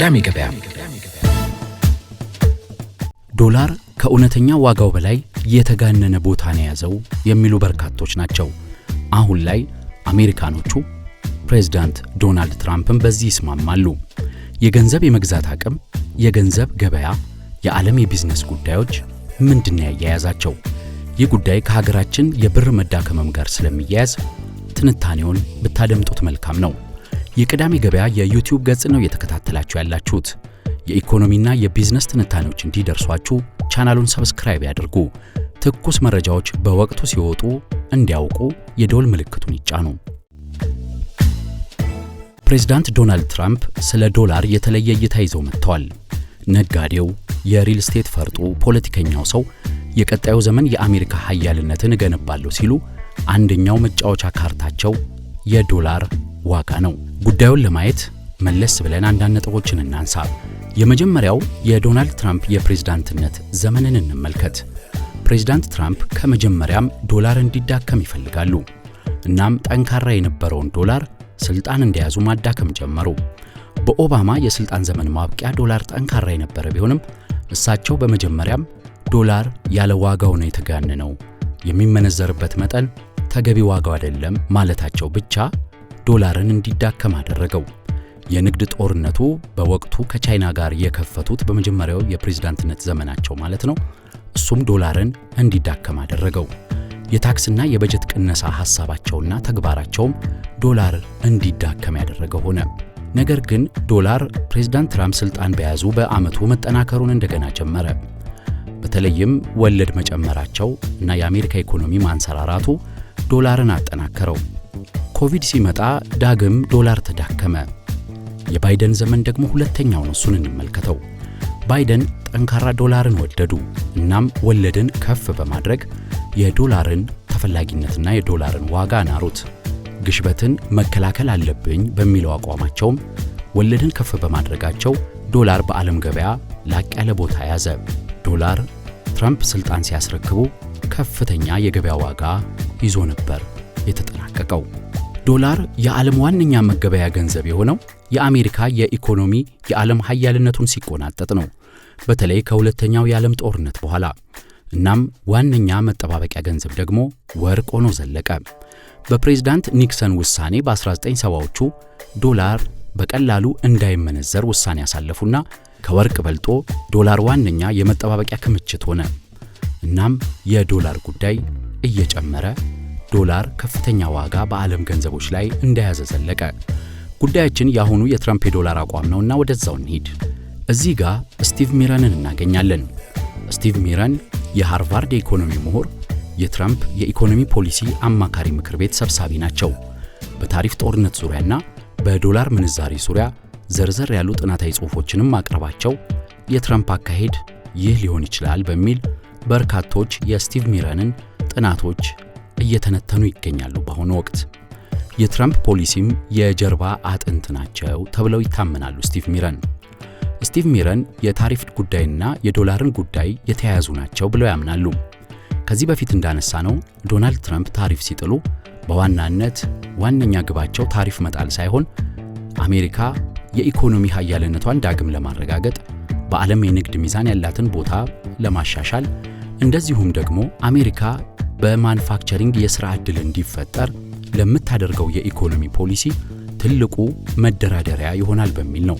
ቅዳሜ ገበያ ዶላር ከእውነተኛ ዋጋው በላይ የተጋነነ ቦታን የያዘው የሚሉ በርካቶች ናቸው። አሁን ላይ አሜሪካኖቹ ፕሬዝዳንት ዶናልድ ትራምፕን በዚህ ይስማማሉ። የገንዘብ የመግዛት አቅም፣ የገንዘብ ገበያ፣ የዓለም የቢዝነስ ጉዳዮች ምንድን ያያያዛቸው? ይህ ጉዳይ ከሀገራችን የብር መዳከመም ጋር ስለሚያያዝ ትንታኔውን ብታደምጡት መልካም ነው። የቅዳሜ ገበያ የዩቲዩብ ገጽ ነው እየተከታተላችሁ ያላችሁት። የኢኮኖሚና የቢዝነስ ትንታኔዎች እንዲደርሷችሁ ቻናሉን ሰብስክራይብ ያድርጉ። ትኩስ መረጃዎች በወቅቱ ሲወጡ እንዲያውቁ የደወል ምልክቱን ይጫኑ። ፕሬዝዳንት ዶናልድ ትራምፕ ስለ ዶላር የተለየ እይታ ይዘው መጥተዋል። ነጋዴው፣ የሪል ስቴት ፈርጡ፣ ፖለቲከኛው ሰው የቀጣዩ ዘመን የአሜሪካ ሀያልነትን እገነባለሁ ሲሉ አንደኛው መጫወቻ ካርታቸው የዶላር ዋጋ ነው። ጉዳዩን ለማየት መለስ ብለን አንዳንድ ነጥቦችን እናንሳ። የመጀመሪያው የዶናልድ ትራምፕ የፕሬዝዳንትነት ዘመንን እንመልከት። ፕሬዝዳንት ትራምፕ ከመጀመሪያም ዶላር እንዲዳከም ይፈልጋሉ። እናም ጠንካራ የነበረውን ዶላር ስልጣን እንደያዙ ማዳከም ጀመሩ። በኦባማ የስልጣን ዘመን ማብቂያ ዶላር ጠንካራ የነበረ ቢሆንም እሳቸው በመጀመሪያም ዶላር ያለ ዋጋው ነው የተጋነነው፣ የሚመነዘርበት መጠን ተገቢ ዋጋው አይደለም ማለታቸው ብቻ ዶላርን እንዲዳከም አደረገው። የንግድ ጦርነቱ በወቅቱ ከቻይና ጋር የከፈቱት በመጀመሪያው የፕሬዝዳንትነት ዘመናቸው ማለት ነው። እሱም ዶላርን እንዲዳከም አደረገው። የታክስና የበጀት ቅነሳ ሐሳባቸውና ተግባራቸውም ዶላር እንዲዳከም ያደረገ ሆነ። ነገር ግን ዶላር ፕሬዝዳንት ትራምፕ ስልጣን በያዙ በዓመቱ መጠናከሩን እንደገና ጀመረ። በተለይም ወለድ መጨመራቸው እና የአሜሪካ ኢኮኖሚ ማንሰራራቱ ዶላርን አጠናከረው። ኮቪድ ሲመጣ ዳግም ዶላር ተዳከመ። የባይደን ዘመን ደግሞ ሁለተኛውን እሱን እንመልከተው። ባይደን ጠንካራ ዶላርን ወደዱ። እናም ወለድን ከፍ በማድረግ የዶላርን ተፈላጊነትና የዶላርን ዋጋ ናሩት። ግሽበትን መከላከል አለብኝ በሚለው አቋማቸውም ወለድን ከፍ በማድረጋቸው ዶላር በዓለም ገበያ ላቅ ያለ ቦታ ያዘ። ዶላር ትራምፕ ስልጣን ሲያስረክቡ ከፍተኛ የገበያ ዋጋ ይዞ ነበር የተጠናቀቀው። ዶላር የዓለም ዋነኛ መገበያ ገንዘብ የሆነው የአሜሪካ የኢኮኖሚ የዓለም ሀያልነቱን ሲቆናጠጥ ነው፣ በተለይ ከሁለተኛው የዓለም ጦርነት በኋላ። እናም ዋነኛ መጠባበቂያ ገንዘብ ደግሞ ወርቅ ሆኖ ዘለቀ። በፕሬዝዳንት ኒክሰን ውሳኔ በ1970ዎቹ ዶላር በቀላሉ እንዳይመነዘር ውሳኔ ያሳለፉና ከወርቅ በልጦ ዶላር ዋነኛ የመጠባበቂያ ክምችት ሆነ። እናም የዶላር ጉዳይ እየጨመረ ዶላር ከፍተኛ ዋጋ በዓለም ገንዘቦች ላይ እንደያዘ ዘለቀ። ጉዳያችን የአሁኑ የትራምፕ የዶላር አቋም ነውና ወደዛው እንሂድ። እዚህ ጋር ስቲቭ ሚረንን እናገኛለን። ስቲቭ ሚረን የሃርቫርድ የኢኮኖሚ ምሁር፣ የትራምፕ የኢኮኖሚ ፖሊሲ አማካሪ ምክር ቤት ሰብሳቢ ናቸው። በታሪፍ ጦርነት ዙሪያና በዶላር ምንዛሪ ዙሪያ ዘርዘር ያሉ ጥናታዊ ጽሑፎችንም ማቅረባቸው የትራምፕ አካሄድ ይህ ሊሆን ይችላል በሚል በርካቶች የስቲቭ ሚረንን ጥናቶች እየተነተኑ ይገኛሉ። በአሁኑ ወቅት የትራምፕ ፖሊሲም የጀርባ አጥንት ናቸው ተብለው ይታመናሉ። ስቲቭ ሚረን ስቲቭ ሚረን የታሪፍ ጉዳይና የዶላርን ጉዳይ የተያያዙ ናቸው ብለው ያምናሉ። ከዚህ በፊት እንዳነሳ ነው ዶናልድ ትራምፕ ታሪፍ ሲጥሉ በዋናነት ዋነኛ ግባቸው ታሪፍ መጣል ሳይሆን አሜሪካ የኢኮኖሚ ኃያልነቷን ዳግም ለማረጋገጥ በዓለም የንግድ ሚዛን ያላትን ቦታ ለማሻሻል እንደዚሁም ደግሞ አሜሪካ በማኑፋክቸሪንግ የሥራ ዕድል እንዲፈጠር ለምታደርገው የኢኮኖሚ ፖሊሲ ትልቁ መደራደሪያ ይሆናል በሚል ነው።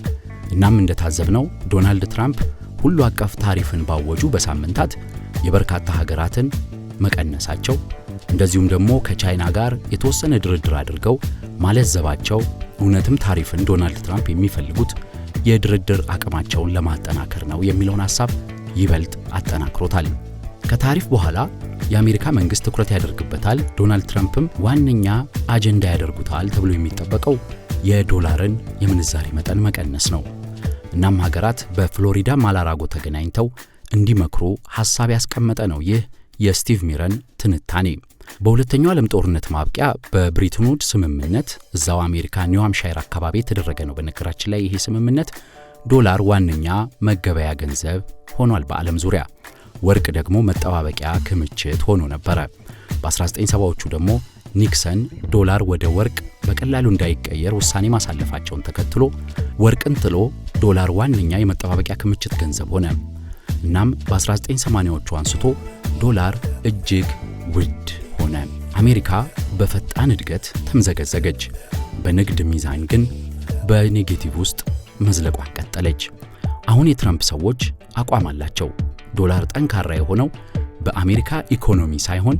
እናም እንደታዘብነው ዶናልድ ትራምፕ ሁሉ አቀፍ ታሪፍን ባወጁ በሳምንታት የበርካታ ሀገራትን መቀነሳቸው እንደዚሁም ደግሞ ከቻይና ጋር የተወሰነ ድርድር አድርገው ማለዘባቸው እውነትም ታሪፍን ዶናልድ ትራምፕ የሚፈልጉት የድርድር አቅማቸውን ለማጠናከር ነው የሚለውን ሀሳብ ይበልጥ አጠናክሮታል። ከታሪፍ በኋላ የአሜሪካ መንግስት ትኩረት ያደርግበታል፣ ዶናልድ ትራምፕም ዋነኛ አጀንዳ ያደርጉታል ተብሎ የሚጠበቀው የዶላርን የምንዛሬ መጠን መቀነስ ነው። እናም ሀገራት በፍሎሪዳ ማላራጎ ተገናኝተው እንዲመክሩ ሀሳብ ያስቀመጠ ነው ይህ የስቲቭ ሚረን ትንታኔ። በሁለተኛው ዓለም ጦርነት ማብቂያ በብሪትን ስምምነት እዛው አሜሪካ ኒው አካባቢ የተደረገ ነው። በነገራችን ላይ ይሄ ስምምነት ዶላር ዋነኛ መገበያ ገንዘብ ሆኗል በዓለም ዙሪያ። ወርቅ ደግሞ መጠባበቂያ ክምችት ሆኖ ነበረ። በ1970ዎቹ ደግሞ ኒክሰን ዶላር ወደ ወርቅ በቀላሉ እንዳይቀየር ውሳኔ ማሳለፋቸውን ተከትሎ ወርቅን ጥሎ ዶላር ዋነኛ የመጠባበቂያ ክምችት ገንዘብ ሆነ። እናም በ1980ዎቹ አንስቶ ዶላር እጅግ ውድ ሆነ። አሜሪካ በፈጣን እድገት ተምዘገዘገች። በንግድ ሚዛን ግን በኔጌቲቭ ውስጥ መዝለቋን ቀጠለች። አሁን የትራምፕ ሰዎች አቋም አላቸው። ዶላር ጠንካራ የሆነው በአሜሪካ ኢኮኖሚ ሳይሆን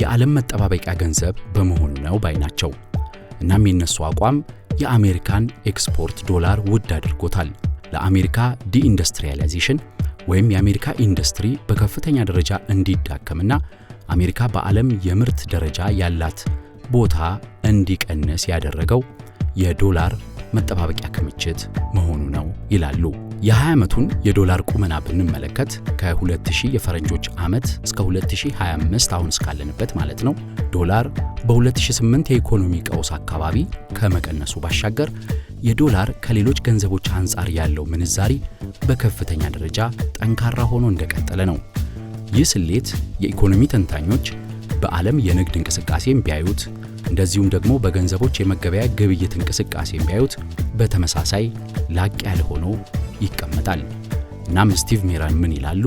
የዓለም መጠባበቂያ ገንዘብ በመሆን ነው ባይ ናቸው። እናም የነሱ አቋም የአሜሪካን ኤክስፖርት ዶላር ውድ አድርጎታል። ለአሜሪካ ዲኢንዱስትሪያላይዜሽን ወይም የአሜሪካ ኢንዱስትሪ በከፍተኛ ደረጃ እንዲዳከምና አሜሪካ በዓለም የምርት ደረጃ ያላት ቦታ እንዲቀንስ ያደረገው የዶላር መጠባበቂያ ክምችት መሆኑ ነው ይላሉ። የ20 ዓመቱን የዶላር ቁመና ብንመለከት ከ2000 የፈረንጆች ዓመት እስከ 2025 አሁን እስካለንበት ማለት ነው ዶላር በ2008 የኢኮኖሚ ቀውስ አካባቢ ከመቀነሱ ባሻገር የዶላር ከሌሎች ገንዘቦች አንጻር ያለው ምንዛሪ በከፍተኛ ደረጃ ጠንካራ ሆኖ እንደቀጠለ ነው። ይህ ስሌት የኢኮኖሚ ተንታኞች በዓለም የንግድ እንቅስቃሴን ቢያዩት እንደዚሁም ደግሞ በገንዘቦች የመገበያ ግብይት እንቅስቃሴን ቢያዩት በተመሳሳይ ላቅ ያለ ሆኖ ይቀመጣል። እናም ስቲቭ ሜራን ምን ይላሉ?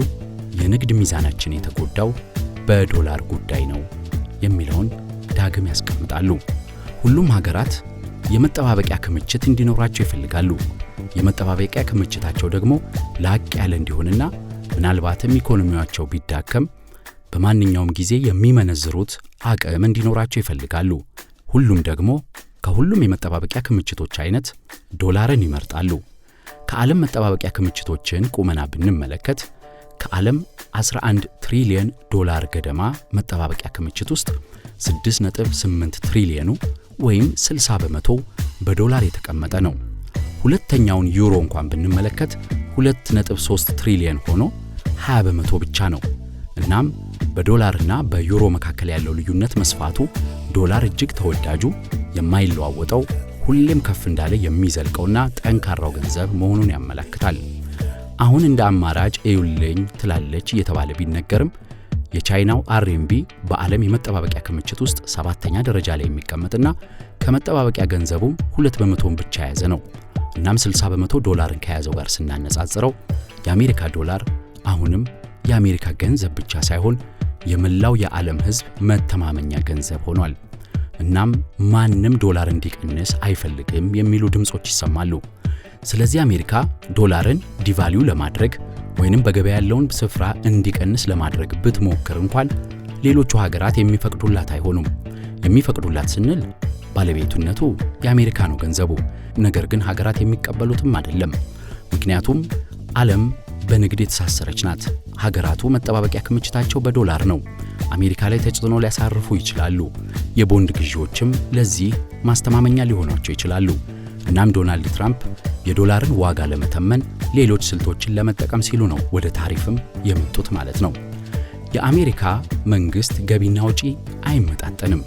የንግድ ሚዛናችን የተጎዳው በዶላር ጉዳይ ነው የሚለውን ዳግም ያስቀምጣሉ። ሁሉም ሀገራት የመጠባበቂያ ክምችት እንዲኖራቸው ይፈልጋሉ። የመጠባበቂያ ክምችታቸው ደግሞ ላቅ ያለ እንዲሆንና ምናልባትም ኢኮኖሚያቸው ቢዳከም በማንኛውም ጊዜ የሚመነዝሩት አቅም እንዲኖራቸው ይፈልጋሉ። ሁሉም ደግሞ ከሁሉም የመጠባበቂያ ክምችቶች አይነት ዶላርን ይመርጣሉ። ከዓለም መጠባበቂያ ክምችቶችን ቁመና ብንመለከት ከዓለም 11 ትሪሊየን ዶላር ገደማ መጠባበቂያ ክምችት ውስጥ 6.8 ትሪሊየኑ ወይም 60 በመቶ በዶላር የተቀመጠ ነው። ሁለተኛውን ዩሮ እንኳን ብንመለከት 2.3 ትሪሊየን ሆኖ 20 በመቶ ብቻ ነው። እናም በዶላርና በዩሮ መካከል ያለው ልዩነት መስፋቱ ዶላር እጅግ ተወዳጁ፣ የማይለዋወጠው፣ ሁሌም ከፍ እንዳለ የሚዘልቀውና ጠንካራው ገንዘብ መሆኑን ያመለክታል። አሁን እንደ አማራጭ እዩልኝ ትላለች እየተባለ ቢነገርም የቻይናው አርኤምቢ በዓለም የመጠባበቂያ ክምችት ውስጥ ሰባተኛ ደረጃ ላይ የሚቀመጥና ከመጠባበቂያ ገንዘቡም ሁለት በመቶን ብቻ የያዘ ነው። እናም 60 በመቶ ዶላርን ከያዘው ጋር ስናነጻጽረው የአሜሪካ ዶላር አሁንም የአሜሪካ ገንዘብ ብቻ ሳይሆን የመላው የዓለም ሕዝብ መተማመኛ ገንዘብ ሆኗል። እናም ማንም ዶላር እንዲቀንስ አይፈልግም የሚሉ ድምፆች ይሰማሉ። ስለዚህ አሜሪካ ዶላርን ዲቫሊዩ ለማድረግ ወይንም በገበያ ያለውን ስፍራ እንዲቀንስ ለማድረግ ብትሞክር እንኳን ሌሎቹ ሀገራት የሚፈቅዱላት አይሆኑም። የሚፈቅዱላት ስንል ባለቤቱነቱ የአሜሪካ ነው ገንዘቡ፣ ነገር ግን ሀገራት የሚቀበሉትም አይደለም። ምክንያቱም ዓለም በንግድ የተሳሰረች ናት። ሀገራቱ መጠባበቂያ ክምችታቸው በዶላር ነው። አሜሪካ ላይ ተጽዕኖ ሊያሳርፉ ይችላሉ። የቦንድ ግዢዎችም ለዚህ ማስተማመኛ ሊሆኗቸው ይችላሉ። እናም ዶናልድ ትራምፕ የዶላርን ዋጋ ለመተመን ሌሎች ስልቶችን ለመጠቀም ሲሉ ነው ወደ ታሪፍም የመጡት ማለት ነው። የአሜሪካ መንግስት ገቢና ወጪ አይመጣጠንም።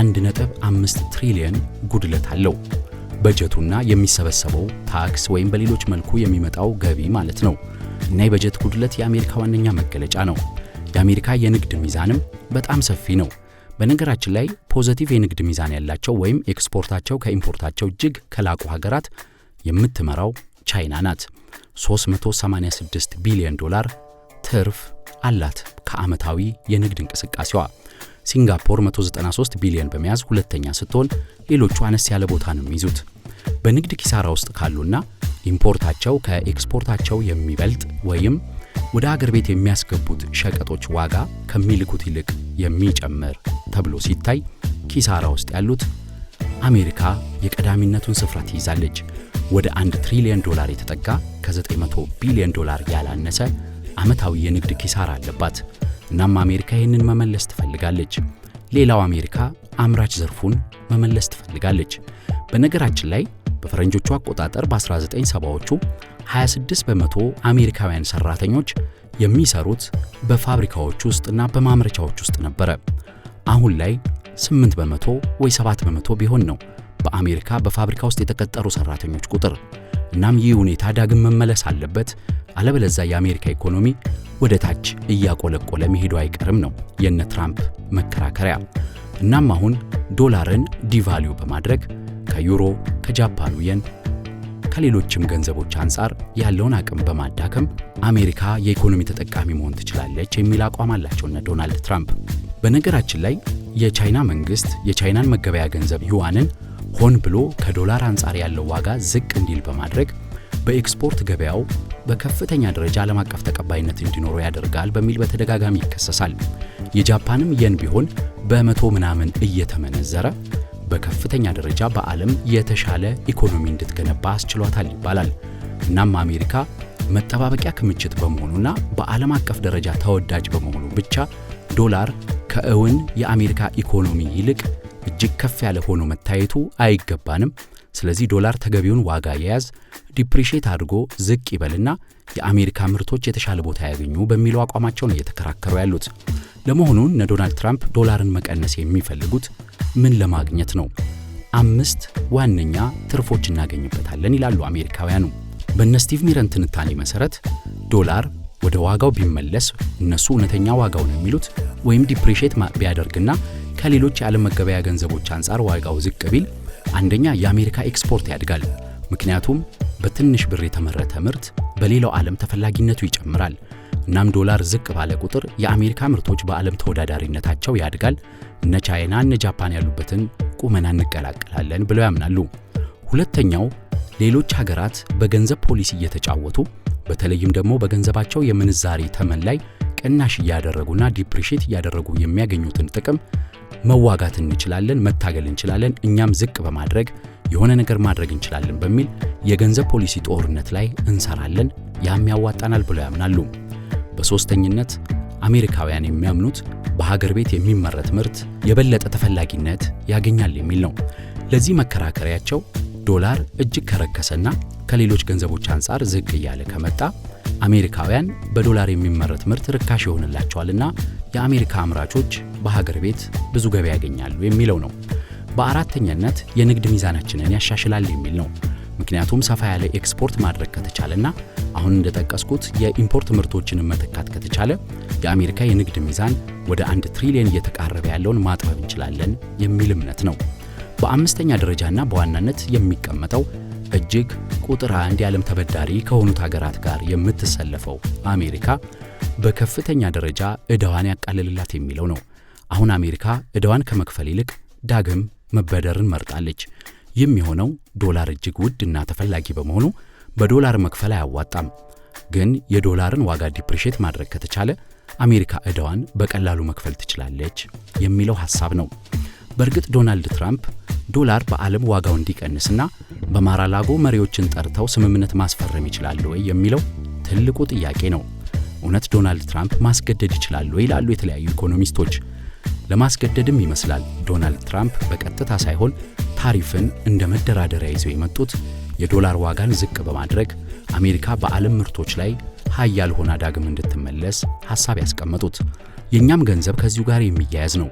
1.5 ትሪሊየን ጉድለት አለው በጀቱና የሚሰበሰበው ታክስ ወይም በሌሎች መልኩ የሚመጣው ገቢ ማለት ነው። እና የበጀት ጉድለት የአሜሪካ ዋነኛ መገለጫ ነው። የአሜሪካ የንግድ ሚዛንም በጣም ሰፊ ነው። በነገራችን ላይ ፖዘቲቭ የንግድ ሚዛን ያላቸው ወይም ኤክስፖርታቸው ከኢምፖርታቸው እጅግ ከላቁ ሀገራት የምትመራው ቻይና ናት። 386 ቢሊዮን ዶላር ትርፍ አላት ከዓመታዊ የንግድ እንቅስቃሴዋ። ሲንጋፖር 193 ቢሊዮን በመያዝ ሁለተኛ ስትሆን ሌሎቹ አነስ ያለ ቦታ ነው የሚይዙት። በንግድ ኪሳራ ውስጥ ካሉና ኢምፖርታቸው ከኤክስፖርታቸው የሚበልጥ ወይም ወደ አገር ቤት የሚያስገቡት ሸቀጦች ዋጋ ከሚልኩት ይልቅ የሚጨምር ተብሎ ሲታይ ኪሳራ ውስጥ ያሉት አሜሪካ የቀዳሚነቱን ስፍራ ትይዛለች። ወደ 1 ትሪሊዮን ዶላር የተጠጋ ከ900 ቢሊዮን ዶላር ያላነሰ ዓመታዊ የንግድ ኪሳራ አለባት። እናም አሜሪካ ይህንን መመለስ ትፈልጋለች። ሌላው አሜሪካ አምራች ዘርፉን መመለስ ትፈልጋለች። በነገራችን ላይ በፈረንጆቹ አቆጣጠር በ1970ዎቹ 26 በመቶ አሜሪካውያን ሰራተኞች የሚሰሩት በፋብሪካዎች ውስጥና በማምረቻዎች ውስጥ ነበረ። አሁን ላይ 8 በመቶ ወይ 7 በመቶ ቢሆን ነው በአሜሪካ በፋብሪካ ውስጥ የተቀጠሩ ሰራተኞች ቁጥር። እናም ይህ ሁኔታ ዳግም መመለስ አለበት፣ አለበለዚያ የአሜሪካ ኢኮኖሚ ወደ ታች እያቆለቆለ መሄዱ አይቀርም ነው የነ ትራምፕ መከራከሪያ። እናም አሁን ዶላርን ዲቫሊዩ በማድረግ ከዩሮ፣ ከጃፓኑ የን፣ ከሌሎችም ገንዘቦች አንጻር ያለውን አቅም በማዳከም አሜሪካ የኢኮኖሚ ተጠቃሚ መሆን ትችላለች የሚል አቋም አላቸው እነ ዶናልድ ትራምፕ። በነገራችን ላይ የቻይና መንግስት የቻይናን መገበያ ገንዘብ ዩዋንን ሆን ብሎ ከዶላር አንጻር ያለው ዋጋ ዝቅ እንዲል በማድረግ በኤክስፖርት ገበያው በከፍተኛ ደረጃ ዓለም አቀፍ ተቀባይነት እንዲኖረው ያደርጋል በሚል በተደጋጋሚ ይከሰሳል። የጃፓንም የን ቢሆን በመቶ ምናምን እየተመነዘረ በከፍተኛ ደረጃ በዓለም የተሻለ ኢኮኖሚ እንድትገነባ አስችሏታል ይባላል። እናም አሜሪካ መጠባበቂያ ክምችት በመሆኑና በዓለም አቀፍ ደረጃ ተወዳጅ በመሆኑ ብቻ ዶላር ከእውን የአሜሪካ ኢኮኖሚ ይልቅ እጅግ ከፍ ያለ ሆኖ መታየቱ አይገባንም። ስለዚህ ዶላር ተገቢውን ዋጋ የያዝ ዲፕሪሼት አድርጎ ዝቅ ይበልና የአሜሪካ ምርቶች የተሻለ ቦታ ያገኙ በሚለው አቋማቸውን እየተከራከሩ ያሉት። ለመሆኑ እነ ዶናልድ ትራምፕ ዶላርን መቀነስ የሚፈልጉት ምን ለማግኘት ነው? አምስት ዋነኛ ትርፎች እናገኝበታለን ይላሉ አሜሪካውያኑ። በእነ ስቲቭ ሚረን ትንታኔ መሰረት ዶላር ወደ ዋጋው ቢመለስ እነሱ እውነተኛ ዋጋው ነው የሚሉት ወይም ዲፕሪሼት ቢያደርግና ከሌሎች የዓለም መገበያ ገንዘቦች አንጻር ዋጋው ዝቅ ቢል አንደኛ የአሜሪካ ኤክስፖርት ያድጋል። ምክንያቱም በትንሽ ብር የተመረተ ምርት በሌላው ዓለም ተፈላጊነቱ ይጨምራል። እናም ዶላር ዝቅ ባለ ቁጥር የአሜሪካ ምርቶች በዓለም ተወዳዳሪነታቸው ያድጋል። እነ ቻይና እነ ጃፓን ያሉበትን ቁመና እንቀላቀላለን ብለው ያምናሉ። ሁለተኛው ሌሎች ሀገራት በገንዘብ ፖሊሲ እየተጫወቱ በተለይም ደግሞ በገንዘባቸው የምንዛሬ ተመን ላይ ቅናሽ እያደረጉና ዲፕሪሽት እያደረጉ የሚያገኙትን ጥቅም መዋጋት እንችላለን፣ መታገል እንችላለን፣ እኛም ዝቅ በማድረግ የሆነ ነገር ማድረግ እንችላለን በሚል የገንዘብ ፖሊሲ ጦርነት ላይ እንሰራለን፣ ያም ያዋጣናል ብለው ያምናሉ። በሶስተኝነት አሜሪካውያን የሚያምኑት በሀገር ቤት የሚመረት ምርት የበለጠ ተፈላጊነት ያገኛል የሚል ነው። ለዚህ መከራከሪያቸው ዶላር እጅግ ከረከሰና ከሌሎች ገንዘቦች አንጻር ዝቅ እያለ ከመጣ አሜሪካውያን በዶላር የሚመረት ምርት ርካሽ ይሆንላቸዋልና የአሜሪካ አምራቾች በሀገር ቤት ብዙ ገበያ ያገኛሉ የሚለው ነው። በአራተኛነት የንግድ ሚዛናችንን ያሻሽላል የሚል ነው። ምክንያቱም ሰፋ ያለ ኤክስፖርት ማድረግ ከተቻለና አሁን እንደጠቀስኩት የኢምፖርት ምርቶችን መተካት ከተቻለ የአሜሪካ የንግድ ሚዛን ወደ አንድ ትሪሊየን እየተቃረበ ያለውን ማጥበብ እንችላለን የሚል እምነት ነው። በአምስተኛ ደረጃና በዋናነት የሚቀመጠው እጅግ ቁጥር አንድ የዓለም ተበዳሪ ከሆኑት ሀገራት ጋር የምትሰለፈው አሜሪካ በከፍተኛ ደረጃ እዳዋን ያቃልልላት የሚለው ነው። አሁን አሜሪካ ዕዳዋን ከመክፈል ይልቅ ዳግም መበደርን መርጣለች። የሚሆነው ዶላር እጅግ ውድ እና ተፈላጊ በመሆኑ በዶላር መክፈል አያዋጣም። ግን የዶላርን ዋጋ ዲፕሪሼት ማድረግ ከተቻለ አሜሪካ ዕዳዋን በቀላሉ መክፈል ትችላለች የሚለው ሐሳብ ነው። በእርግጥ ዶናልድ ትራምፕ ዶላር በዓለም ዋጋው እንዲቀንስና በማራላጎ መሪዎችን ጠርተው ስምምነት ማስፈረም ይችላሉ ወይ የሚለው ትልቁ ጥያቄ ነው። እውነት ዶናልድ ትራምፕ ማስገደድ ይችላሉ ይላሉ የተለያዩ ኢኮኖሚስቶች። ለማስገደድም ይመስላል ዶናልድ ትራምፕ በቀጥታ ሳይሆን ታሪፍን እንደ መደራደሪያ ይዘው የመጡት የዶላር ዋጋን ዝቅ በማድረግ አሜሪካ በዓለም ምርቶች ላይ ሀያል ሆና ዳግም እንድትመለስ ሐሳብ ያስቀመጡት። የእኛም ገንዘብ ከዚሁ ጋር የሚያያዝ ነው።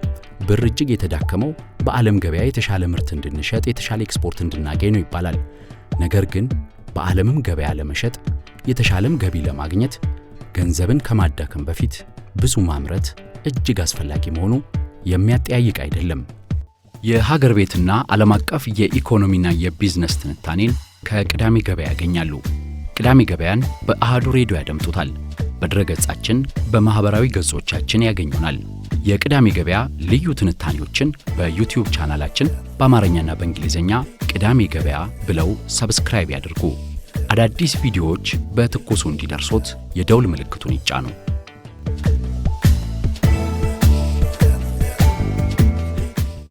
ብር እጅግ የተዳከመው በዓለም ገበያ የተሻለ ምርት እንድንሸጥ፣ የተሻለ ኤክስፖርት እንድናገኝ ነው ይባላል። ነገር ግን በዓለምም ገበያ ለመሸጥ የተሻለም ገቢ ለማግኘት ገንዘብን ከማዳከም በፊት ብዙ ማምረት እጅግ አስፈላጊ መሆኑ የሚያጠያይቅ አይደለም። የሀገር ቤትና ዓለም አቀፍ የኢኮኖሚና የቢዝነስ ትንታኔን ከቅዳሜ ገበያ ያገኛሉ። ቅዳሜ ገበያን በአሃዱ ሬዲዮ ያደምጡታል። በድረገጻችን በማኅበራዊ ገጾቻችን ያገኙናል። የቅዳሜ ገበያ ልዩ ትንታኔዎችን በዩቲዩብ ቻናላችን በአማርኛና በእንግሊዝኛ ቅዳሜ ገበያ ብለው ሰብስክራይብ ያድርጉ። አዳዲስ ቪዲዮዎች በትኩሱ እንዲደርሶት የደውል ምልክቱን ይጫኑ።